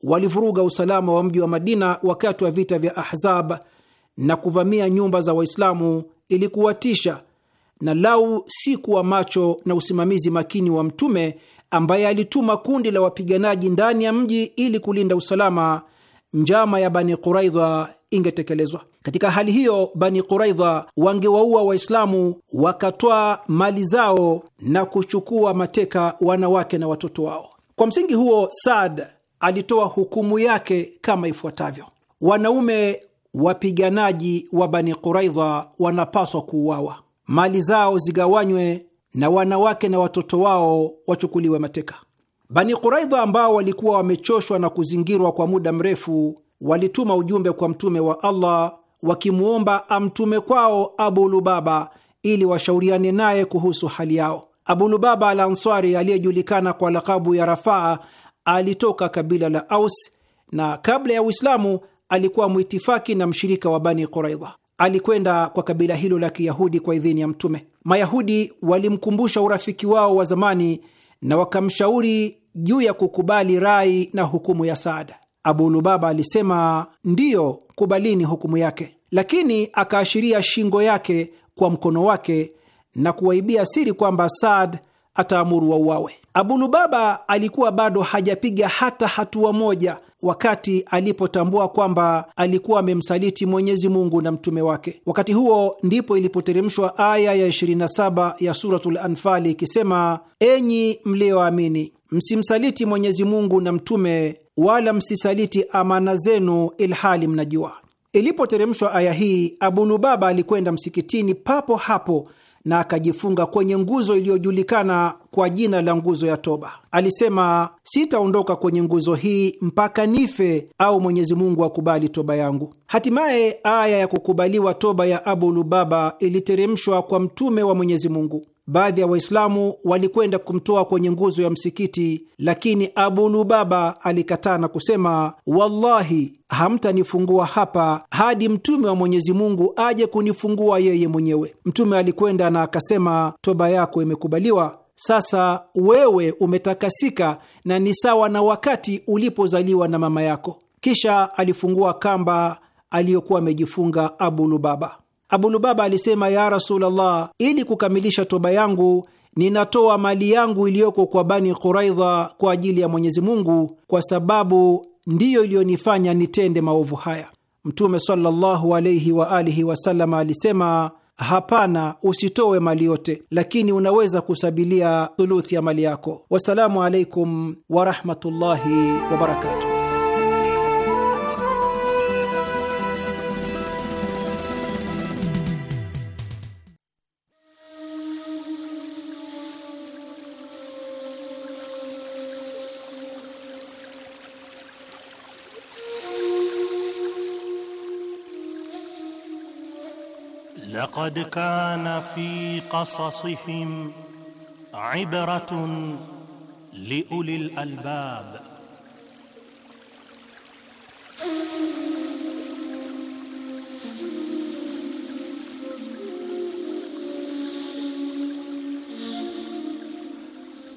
walivuruga usalama wa mji wa Madina wakati wa vita vya Ahzab na kuvamia nyumba za Waislamu ili kuwatisha, na lau si kuwa macho na usimamizi makini wa Mtume ambaye alituma kundi la wapiganaji ndani ya mji ili kulinda usalama, njama ya Bani Quraidha ingetekelezwa. Katika hali hiyo, Bani Quraidha wangewaua Waislamu, wakatwaa mali zao na kuchukua mateka wanawake na watoto wao. Kwa msingi huo, Saad alitoa hukumu yake kama ifuatavyo: wanaume wapiganaji wa Bani Quraidha wanapaswa kuuawa, mali zao zigawanywe, na wanawake na watoto wao wachukuliwe mateka. Bani Quraidha ambao walikuwa wamechoshwa na kuzingirwa kwa muda mrefu, walituma ujumbe kwa Mtume wa Allah wakimwomba amtume kwao Abu Lubaba ili washauriane naye kuhusu hali yao. Abu Lubaba al Ansari, aliyejulikana kwa lakabu ya Rafaa, alitoka kabila la Aus na kabla ya Uislamu alikuwa mwitifaki na mshirika wa Bani Quraidha. Alikwenda kwa kabila hilo la Kiyahudi kwa idhini ya Mtume. Mayahudi walimkumbusha urafiki wao wa zamani na wakamshauri juu ya kukubali rai na hukumu ya Saada. Abu Lubaba alisema ndiyo, kubalini hukumu yake, lakini akaashiria shingo yake kwa mkono wake na kuwaibia siri kwamba Saad ataamuru wauawe. Abulubaba alikuwa bado hajapiga hata hatua moja wakati alipotambua kwamba alikuwa amemsaliti Mwenyezi Mungu na mtume wake. Wakati huo ndipo ilipoteremshwa aya ya 27 ya Suratul Anfali ikisema, enyi mliyoamini, msimsaliti Mwenyezi Mungu na mtume, wala msisaliti amana zenu ilhali mnajua. Ilipoteremshwa aya hii, abulubaba alikwenda msikitini papo hapo na akajifunga kwenye nguzo iliyojulikana kwa jina la nguzo ya toba. Alisema, sitaondoka kwenye nguzo hii mpaka nife au Mwenyezi Mungu akubali toba yangu. Hatimaye aya ya kukubaliwa toba ya Abu Lubaba iliteremshwa kwa Mtume wa Mwenyezi Mungu baadhi ya Waislamu walikwenda kumtoa kwenye nguzo ya msikiti, lakini Abu Lubaba alikataa na kusema, wallahi, hamtanifungua hapa hadi Mtume wa Mwenyezi Mungu aje kunifungua yeye mwenyewe. Mtume alikwenda na akasema, toba yako imekubaliwa. Sasa wewe umetakasika na ni sawa na wakati ulipozaliwa na mama yako. Kisha alifungua kamba aliyokuwa amejifunga Abu Lubaba. Abu Lubaba alisema, ya Rasulullah, ili kukamilisha toba yangu ninatoa mali yangu iliyoko kwa Bani Quraidha kwa ajili ya Mwenyezi Mungu, kwa sababu ndiyo iliyonifanya nitende maovu haya. Mtume sallallahu wa alihi alisema, hapana, usitowe mali yote, lakini unaweza kusabilia thuluthi ya mali yako. Wassalamu alaikum warahmatullahi wabarakatuh. لقد كان في قصصهم عبرة لأولي الألباب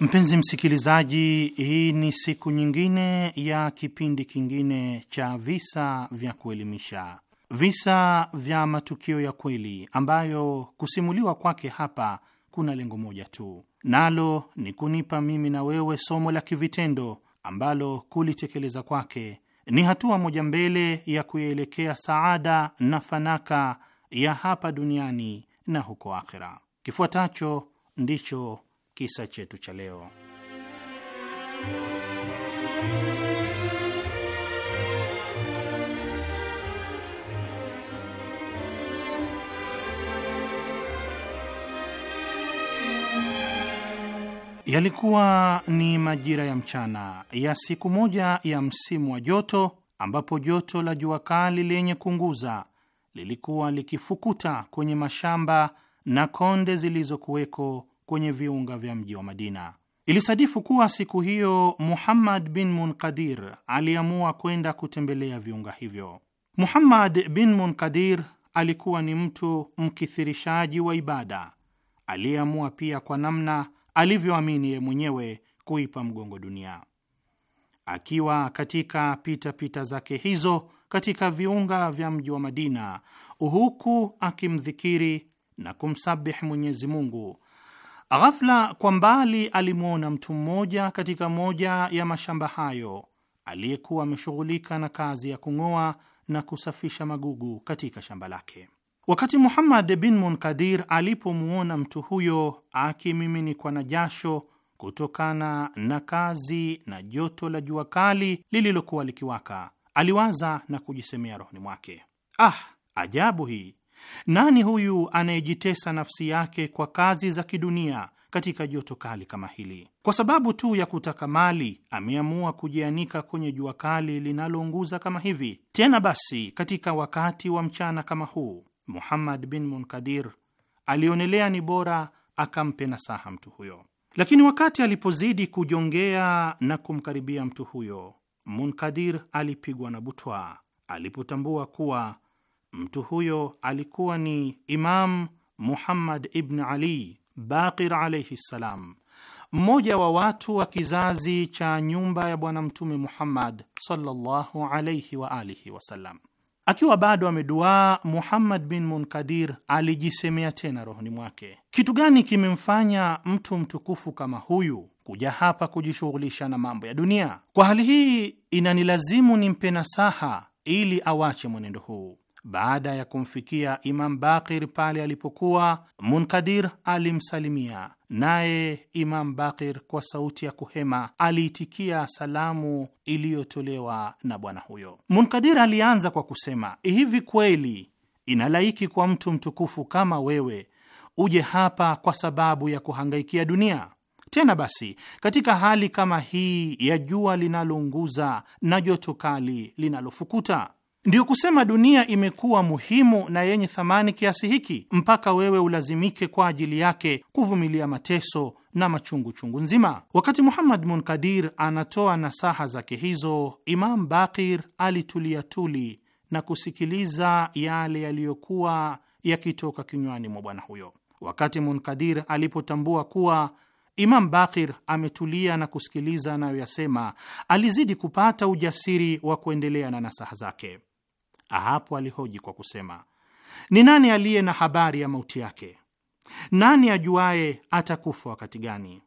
Mpenzi msikilizaji, hii ni siku nyingine ya kipindi kingine cha visa vya kuelimisha. Visa vya matukio ya kweli ambayo kusimuliwa kwake hapa kuna lengo moja tu, nalo ni kunipa mimi na wewe somo la kivitendo ambalo kulitekeleza kwake ni hatua moja mbele ya kuielekea saada na fanaka ya hapa duniani na huko akhera. Kifuatacho ndicho kisa chetu cha leo. Yalikuwa ni majira ya mchana ya siku moja ya msimu wa joto, ambapo joto la jua kali lenye kunguza lilikuwa likifukuta kwenye mashamba na konde zilizokuweko kwenye viunga vya mji wa Madina. Ilisadifu kuwa siku hiyo Muhammad bin Munkadir aliamua kwenda kutembelea viunga hivyo. Muhammad bin Munkadir alikuwa ni mtu mkithirishaji wa ibada aliyeamua pia kwa namna alivyoamini ye mwenyewe kuipa mgongo dunia. Akiwa katika pitapita pita zake hizo katika viunga vya mji wa Madina, huku akimdhikiri na kumsabihi Mwenyezi Mungu, ghafla kwa mbali alimwona mtu mmoja katika moja ya mashamba hayo aliyekuwa ameshughulika na kazi ya kung'oa na kusafisha magugu katika shamba lake. Wakati Muhammad bin Munkadir alipomwona mtu huyo akimiminikwa na jasho kutokana na kazi na joto la jua kali lililokuwa likiwaka, aliwaza na kujisemea rohoni mwake, ah, ajabu hii! Nani huyu anayejitesa nafsi yake kwa kazi za kidunia katika joto kali kama hili? Kwa sababu tu ya kutaka mali ameamua kujianika kwenye jua kali linalounguza kama hivi. Tena basi katika wakati wa mchana kama huu, Muhammad bin Munkadir alionelea ni bora akampe nasaha mtu huyo, lakini wakati alipozidi kujongea na kumkaribia mtu huyo, Munkadir alipigwa na butwa alipotambua kuwa mtu huyo alikuwa ni Imam Muhammad ibn Ali Baqir alaihi ssalam, mmoja wa watu wa kizazi cha nyumba ya Bwana Mtume Muhammad sallallahu alaihi wa alihi wasallam. Akiwa bado ameduaa, Muhammad bin Munkadir alijisemea tena rohoni mwake, kitu gani kimemfanya mtu mtukufu kama huyu kuja hapa kujishughulisha na mambo ya dunia? Kwa hali hii inanilazimu nimpe nasaha ili awache mwenendo huu. Baada ya kumfikia Imam Bakir pale alipokuwa, Munkadir alimsalimia Naye Imam Bakir kwa sauti ya kuhema aliitikia salamu iliyotolewa na bwana huyo. Munkadir alianza kwa kusema, hivi kweli inalaiki kwa mtu mtukufu kama wewe uje hapa kwa sababu ya kuhangaikia dunia? Tena basi katika hali kama hii ya jua linalounguza na joto kali linalofukuta Ndiyo kusema dunia imekuwa muhimu na yenye thamani kiasi hiki mpaka wewe ulazimike kwa ajili yake kuvumilia mateso na machungu chungu nzima. Wakati Muhammad Munkadir anatoa nasaha zake hizo, Imam Bakir tuli na kusikiliza yale yaliyokuwa yakitoka kinywani mwa bwana huyo. Wakati Munkadir alipotambua kuwa Imam Bakir ametulia na kusikiliza anayoyasema, alizidi kupata ujasiri wa kuendelea na nasaha zake. Hapo alihoji kwa kusema, ni nani aliye na habari ya mauti yake? Nani ajuaye atakufa wakati gani?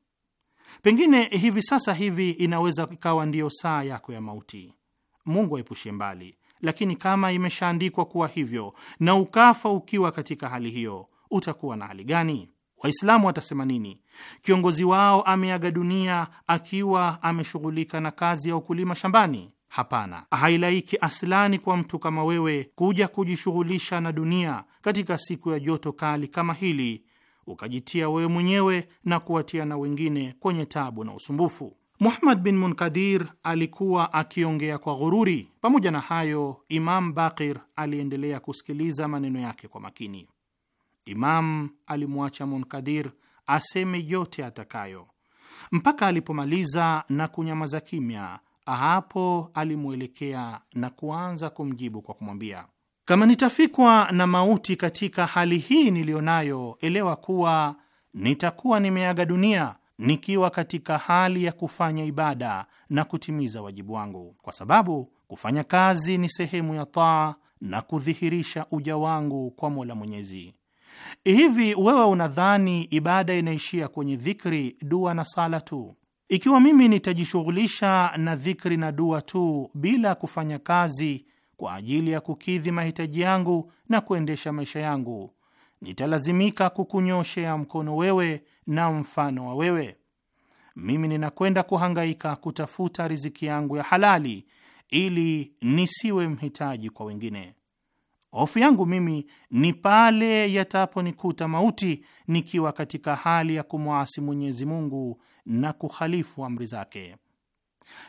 Pengine hivi sasa hivi inaweza ikawa ndiyo saa yako ya mauti. Mungu aepushe mbali. Lakini kama imeshaandikwa kuwa hivyo na ukafa ukiwa katika hali hiyo, utakuwa na hali gani? Waislamu watasema nini? Kiongozi wao ameaga dunia akiwa ameshughulika na kazi ya ukulima shambani, Hapana, hailaiki aslani kwa mtu kama wewe kuja kujishughulisha na dunia katika siku ya joto kali kama hili, ukajitia wewe mwenyewe na kuwatia na wengine kwenye tabu na usumbufu. Muhammad bin Munkadir alikuwa akiongea kwa ghururi. Pamoja na hayo, Imam Bakir aliendelea kusikiliza maneno yake kwa makini. Imam alimwacha Munkadir aseme yote atakayo mpaka alipomaliza na kunyamaza kimya hapo alimwelekea na kuanza kumjibu kwa kumwambia, kama nitafikwa na mauti katika hali hii niliyonayo, elewa kuwa nitakuwa nimeaga dunia nikiwa katika hali ya kufanya ibada na kutimiza wajibu wangu, kwa sababu kufanya kazi ni sehemu ya taa na kudhihirisha uja wangu kwa Mola Mwenyezi. Hivi wewe unadhani ibada inaishia kwenye dhikri, dua na sala tu? Ikiwa mimi nitajishughulisha na dhikri na dua tu bila kufanya kazi kwa ajili ya kukidhi mahitaji yangu na kuendesha maisha yangu, nitalazimika kukunyoshea mkono wewe na mfano wa wewe. Mimi ninakwenda kuhangaika kutafuta riziki yangu ya halali ili nisiwe mhitaji kwa wengine. Hofu yangu mimi ni pale yataponikuta mauti nikiwa katika hali ya kumwasi Mwenyezi Mungu na kuhalifu amri zake.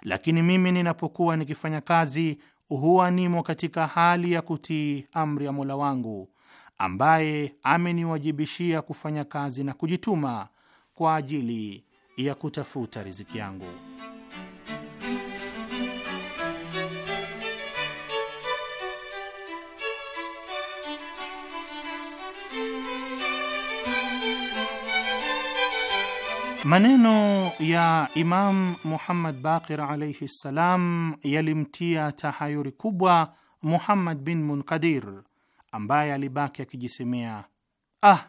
Lakini mimi ninapokuwa nikifanya kazi, huwa nimo katika hali ya kutii amri ya Mola wangu ambaye ameniwajibishia kufanya kazi na kujituma kwa ajili ya kutafuta riziki yangu. Maneno ya Imam Muhammad Baqir alaihi ssalam yalimtia tahayuri kubwa Muhammad bin Munkadir ambaye alibaki akijisemea, ah,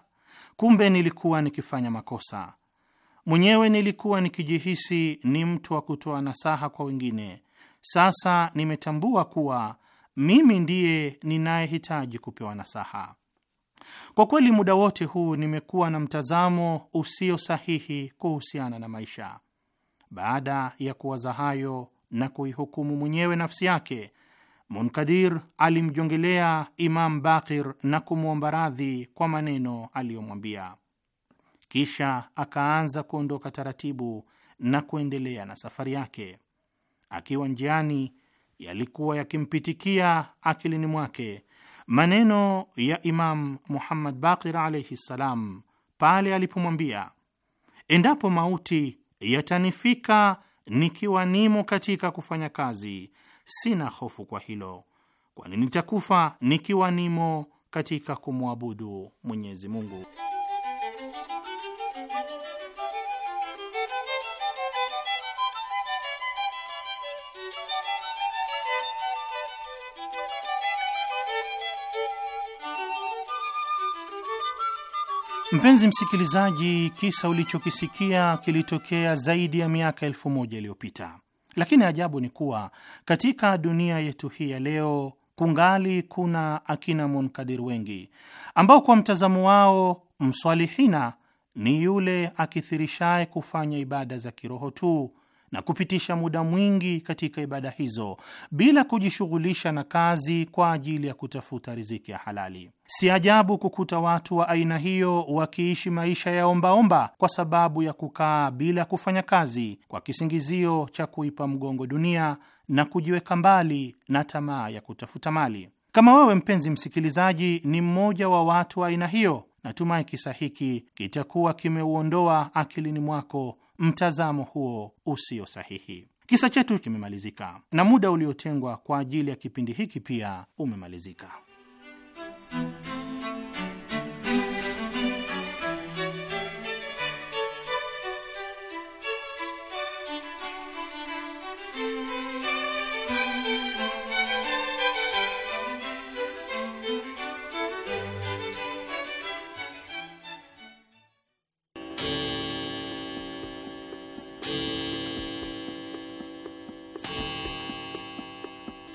kumbe nilikuwa nikifanya makosa mwenyewe, nilikuwa nikijihisi ni mtu wa kutoa nasaha kwa wengine. Sasa nimetambua kuwa mimi ndiye ninayehitaji kupewa nasaha. Kwa kweli muda wote huu nimekuwa na mtazamo usio sahihi kuhusiana na maisha. Baada ya kuwaza hayo na kuihukumu mwenyewe nafsi yake, Munkadir alimjongelea Imam Bakir na kumwomba radhi kwa maneno aliyomwambia, kisha akaanza kuondoka taratibu na kuendelea na safari yake. Akiwa njiani, yalikuwa yakimpitikia akilini mwake maneno ya Imam Muhammad Baqir alaihi ssalam pale alipomwambia, endapo mauti yatanifika nikiwa nimo katika kufanya kazi, sina hofu kwa hilo, kwani nitakufa nikiwa nimo katika kumwabudu Mwenyezi Mungu. Mpenzi msikilizaji, kisa ulichokisikia kilitokea zaidi ya miaka elfu moja iliyopita, lakini ajabu ni kuwa katika dunia yetu hii ya leo kungali kuna akina Munkadir wengi ambao kwa mtazamo wao mswalihina ni yule akithirishaye kufanya ibada za kiroho tu na kupitisha muda mwingi katika ibada hizo bila kujishughulisha na kazi kwa ajili ya kutafuta riziki ya halali. Si ajabu kukuta watu wa aina hiyo wakiishi maisha ya ombaomba kwa sababu ya kukaa bila kufanya kazi kwa kisingizio cha kuipa mgongo dunia na kujiweka mbali na tamaa ya kutafuta mali. Kama wewe mpenzi msikilizaji ni mmoja wa watu wa aina hiyo, natumai kisa hiki kitakuwa kimeuondoa akilini mwako mtazamo huo usio sahihi. Kisa chetu kimemalizika na muda uliotengwa kwa ajili ya kipindi hiki pia umemalizika.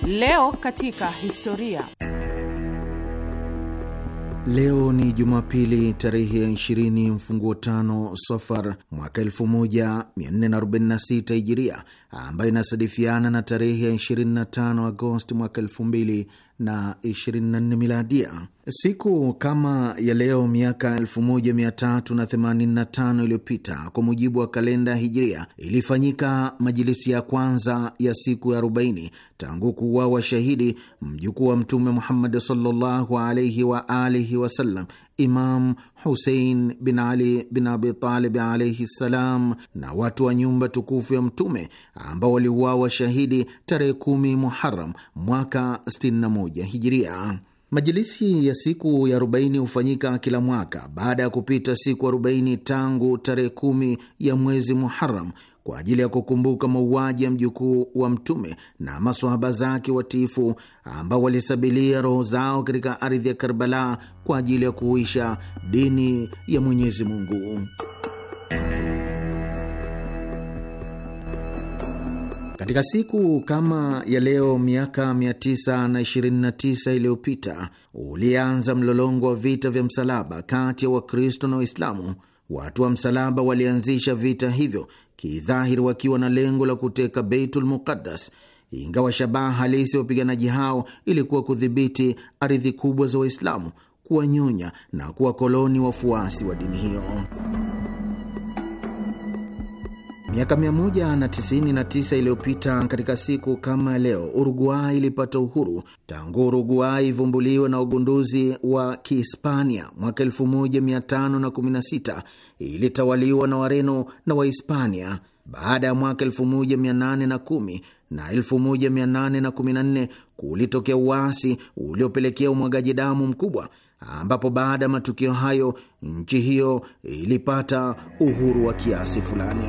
Leo katika historia. Leo ni Jumapili tarehe ya 20 mfunguo tano sofar mwaka 1446 Hijiria, ambayo inasadifiana na tarehe ya 25 Agosti mwaka na 24 miladia. Siku kama ya leo miaka 1385 iliyopita kwa mujibu wa kalenda Hijria, ilifanyika majilisi ya kwanza ya siku ya 40 tangu kuuawa shahidi mjukuu wa Mtume Muhammad sallallahu alaihi wa alihi wasallam, Imam Husein bin Ali bin Abitalib alaihi ssalam na watu wa nyumba tukufu ya Mtume ambao waliuawa shahidi tarehe kumi Muharam mwaka 61 Hijiria. Majilisi ya siku ya 40 hufanyika kila mwaka baada ya kupita siku 40 tangu tarehe kumi ya mwezi Muharam kwa ajili ya kukumbuka mauaji ya mjukuu wa Mtume na masohaba zake watiifu ambao walisabilia roho zao katika ardhi ya Karbala kwa ajili ya kuhuisha dini ya Mwenyezi Mungu. Katika siku kama ya leo miaka 929 iliyopita ulianza mlolongo wa vita vya msalaba kati ya Wakristo na Waislamu. Watu wa msalaba walianzisha vita hivyo kidhahiri wakiwa na lengo la kuteka Beitul Muqaddas, ingawa shabaha halisi ya wapiganaji hao ilikuwa kudhibiti ardhi kubwa za Waislamu, kuwanyonya na kuwakoloni wafuasi wa dini hiyo. Miaka 199 iliyopita katika siku kama leo, Uruguay ilipata uhuru. Tangu Uruguay ivumbuliwe na ugunduzi wa Kihispania mwaka 1516 ilitawaliwa na Wareno na Wahispania. Baada ya mwaka 1810 na 1814 kulitokea uasi uliopelekea umwagaji damu mkubwa, ambapo baada ya matukio hayo nchi hiyo ilipata uhuru wa kiasi fulani.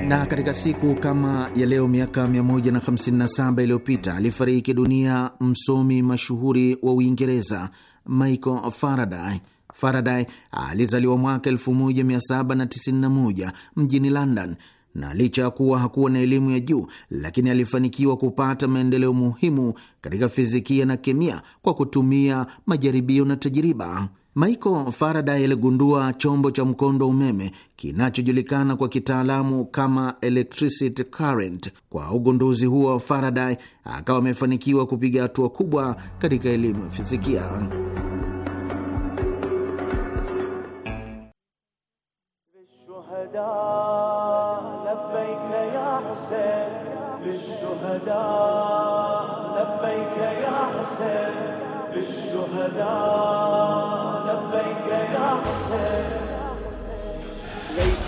Na katika siku kama ya leo miaka 157 iliyopita alifariki dunia msomi mashuhuri wa Uingereza Michael Faraday. Faraday alizaliwa mwaka 1791 mjini London, na licha ya kuwa hakuwa na elimu ya juu, lakini alifanikiwa kupata maendeleo muhimu katika fizikia na kemia kwa kutumia majaribio na tajiriba. Michael Faraday aligundua chombo cha mkondo wa umeme kinachojulikana kwa kitaalamu kama electricity current. Kwa ugunduzi huo, Faraday akawa amefanikiwa kupiga hatua kubwa katika elimu ya fizikia.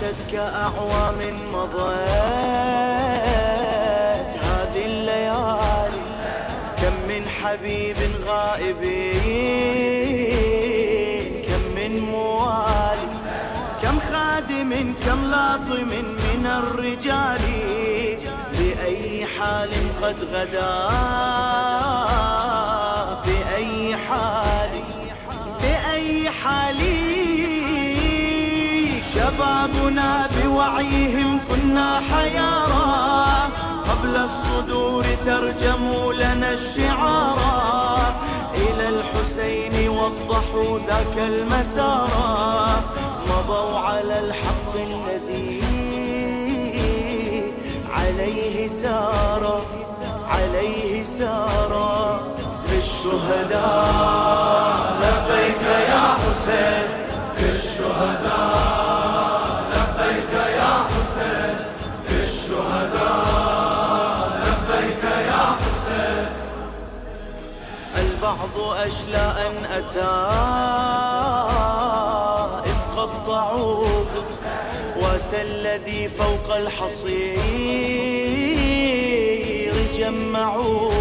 ليست أعوام مضت هذه الليالي كم من حبيب غائبين كم من موالي كم خادم كم لاطم من الرجال لأي حال قد غدا شبابنا بوعيهم كنا حيارى قبل الصدور ترجموا لنا الشعارا إلى الحسين وضحوا ذاك المسارا مضوا على الحق الذي عليه سارا عليه سارا للشهداء لبيك يا حسين للشهداء بعض أشلاء أتى إذ قطعوه واسى الذي فوق الحصير جمعوا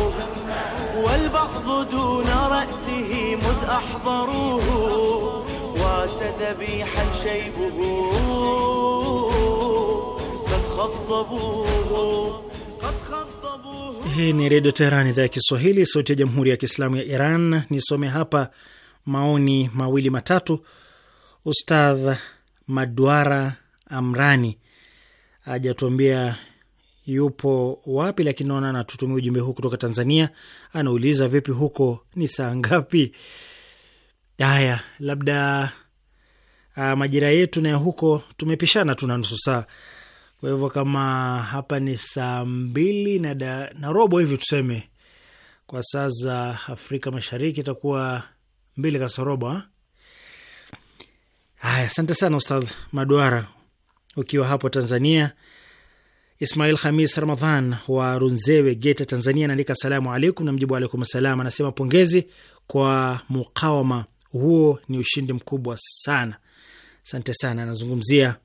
والبعض دون رأسه مذ أحضروه وسذبيحا ذبيحا شيبه قد خضبوه قد خضبوه Hii ni Redio Teheran, idhaa ya Kiswahili, sauti ya Jamhuri ya Kiislamu ya Iran. Nisome hapa maoni mawili matatu. Ustadh Madwara Amrani ajatuambia yupo wapi, lakini naona anatutumia ujumbe huu kutoka Tanzania. Anauliza, vipi huko ni saa ngapi? Haya, labda a, ah, majira yetu na ya huko tumepishana tu na nusu saa. Kwa hivyo kama hapa ni saa mbili na, da, na robo hivi tuseme kwa saa za Afrika Mashariki itakuwa mbili kasorobo. Haya, asante sana Ustadh Maduara ukiwa hapo Tanzania. Ismail hamis Ramadhan wa Runzewe, Geta, Tanzania anaandika salamu alaikum, na mjibu alaikum salam. Anasema pongezi kwa mukawama, huo ni ushindi mkubwa sana. Asante sana, anazungumzia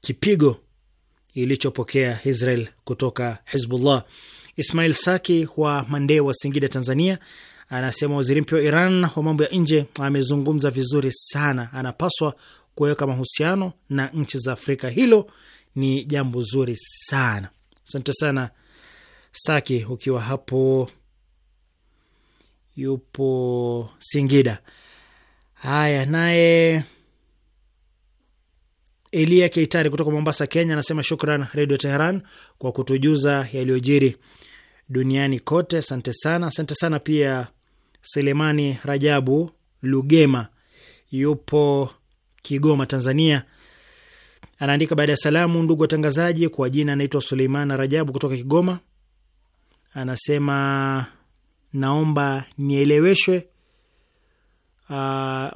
kipigo ilichopokea Israel kutoka Hizbullah. Ismail Saki wa Mandee wa Singida, Tanzania, anasema waziri mpya wa Iran wa mambo ya nje amezungumza vizuri sana, anapaswa kuweka mahusiano na nchi za Afrika. Hilo ni jambo zuri sana. Asante sana Saki, ukiwa hapo yupo Singida. Haya, naye Elia Keitari kutoka Mombasa, Kenya, anasema shukran Redio Teheran kwa kutujuza yaliyojiri duniani kote. Asante sana, asante sana pia. Selemani Rajabu Lugema yupo Kigoma, Tanzania, anaandika baada ya salamu, ndugu watangazaji, kwa jina anaitwa suleiman Rajabu kutoka Kigoma. Anasema naomba nieleweshwe, uh,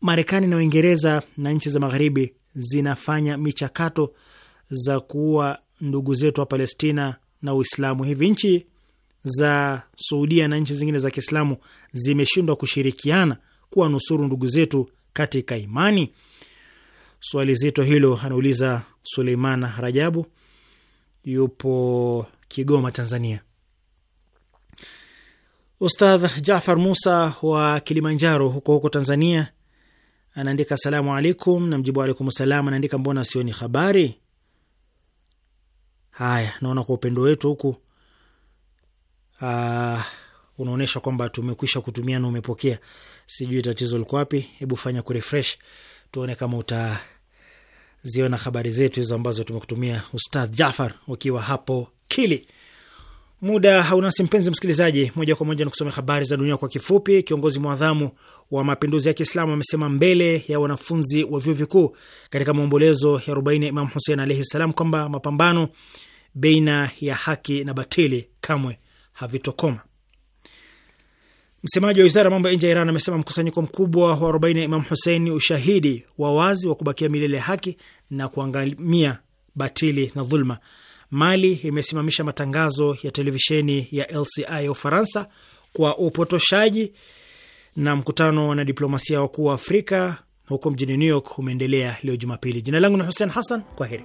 Marekani na Uingereza na nchi za magharibi zinafanya michakato za kuua ndugu zetu wa Palestina na Uislamu. Hivi nchi za Saudia na nchi zingine za Kiislamu zimeshindwa kushirikiana kuwa nusuru ndugu zetu katika imani? Swali zito hilo, anauliza Suleiman Rajabu, yupo Kigoma, Tanzania. Ustadh Jafar Musa wa Kilimanjaro huko huko Tanzania anaandika salamu alaikum, na mjibu alaikum salam. Anaandika mbona sioni habari? Haya, naona kwa upendo wetu huku uh, ah, unaonyesha kwamba tumekwisha kutumia na umepokea. Sijui tatizo liko wapi, hebu fanya kurefresh tuone kama utaziona habari zetu hizo ambazo tumekutumia Ustadh Jafar ukiwa hapo Kili. Muda haunasi mpenzi msikilizaji, moja kwa moja ni kusomea habari za dunia kwa kifupi. Kiongozi mwadhamu wa mapinduzi ya Kiislamu amesema mbele ya wanafunzi wa vyuo vikuu katika maombolezo ya 40 ya Imam Husein alaihi ssalam kwamba mapambano baina ya haki na batili kamwe havitokoma. Msemaji wa wizara ya mambo ya nje ya Iran amesema mkusanyiko mkubwa wa 40 ya Imam Husein ni ushahidi wa wazi wa kubakia milele haki na kuangamia batili na dhulma. Mali imesimamisha matangazo ya televisheni ya LCI ya Ufaransa kwa upotoshaji, na mkutano na diplomasia wakuu wa Afrika huko mjini New York umeendelea leo Jumapili. Jina langu ni Hussein Hassan, kwa heri.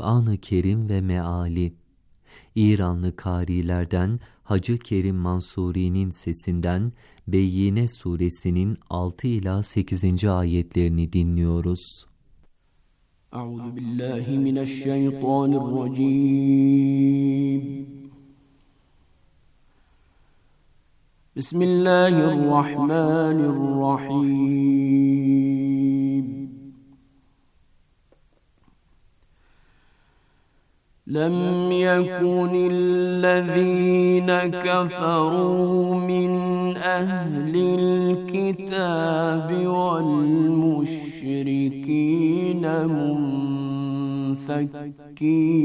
Kur'an-ı Kerim ve Meali İranlı karilerden Hacı Kerim Mansuri'nin sesinden Beyyine suresinin 6 ila 8. ayetlerini dinliyoruz. Euzu billahi mineşşeytanirracim. Bismillahirrahmanirrahim. لم يكن الذين كفروا من اهل الكتاب والمشركين منفكين